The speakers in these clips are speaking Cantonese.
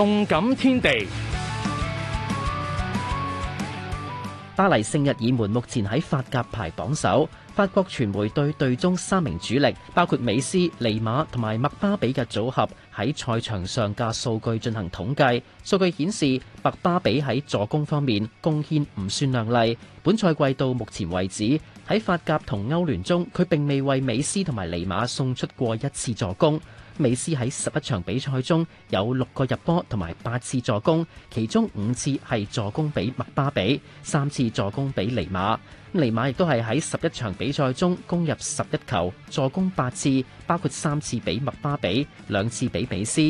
動感天地，巴黎聖日耳門目前喺法甲排榜首。法國傳媒對隊中三名主力，包括美斯、尼馬同埋麥巴比嘅組合喺賽場上嘅數據進行統計。數據顯示，麥巴比喺助攻方面貢獻唔算亮麗。本賽季到目前為止，喺法甲同歐聯中，佢並未為美斯同埋尼馬送出過一次助攻。美斯喺十一場比賽中有六個入波同埋八次助攻，其中五次係助攻畀麥巴比，三次助攻畀尼馬。尼馬亦都係喺十一場比賽中攻入十一球，助攻八次，包括三次畀麥巴比，兩次畀美斯。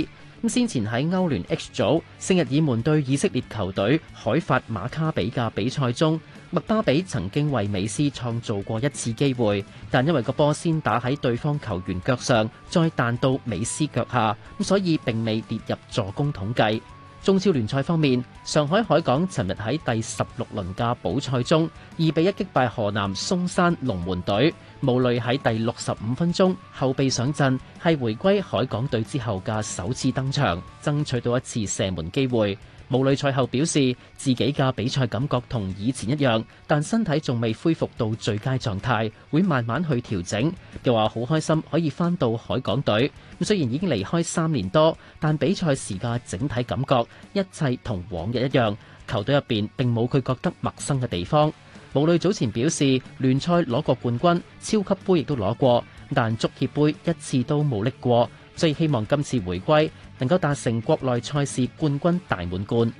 咁先前喺歐聯 H 組，聖日耳門對以色列球隊海法馬卡比嘅比賽中，麥巴比曾經為美斯創造過一次機會，但因為個波先打喺對方球員腳上，再彈到美斯腳下，咁所以並未跌入助攻統計。中超聯賽方面，上海海港尋日喺第十六輪嘅補賽中，二比一擊敗河南嵩山龍門隊。武磊喺第六十五分鐘後備上陣，係回歸海港隊之後嘅首次登場，爭取到一次射門機會。武磊賽後表示，自己嘅比賽感覺同以前一樣，但身體仲未恢復到最佳狀態，會慢慢去調整。又話好開心可以翻到海港隊。咁雖然已經離開三年多，但比賽時嘅整體感覺一切同往日一樣。球隊入邊並冇佢覺得陌生嘅地方。武磊早前表示，聯賽攞過冠軍，超級杯亦都攞過，但足協杯一次都冇拎過，所以希望今次回歸。能夠達成國內賽事冠軍大滿貫。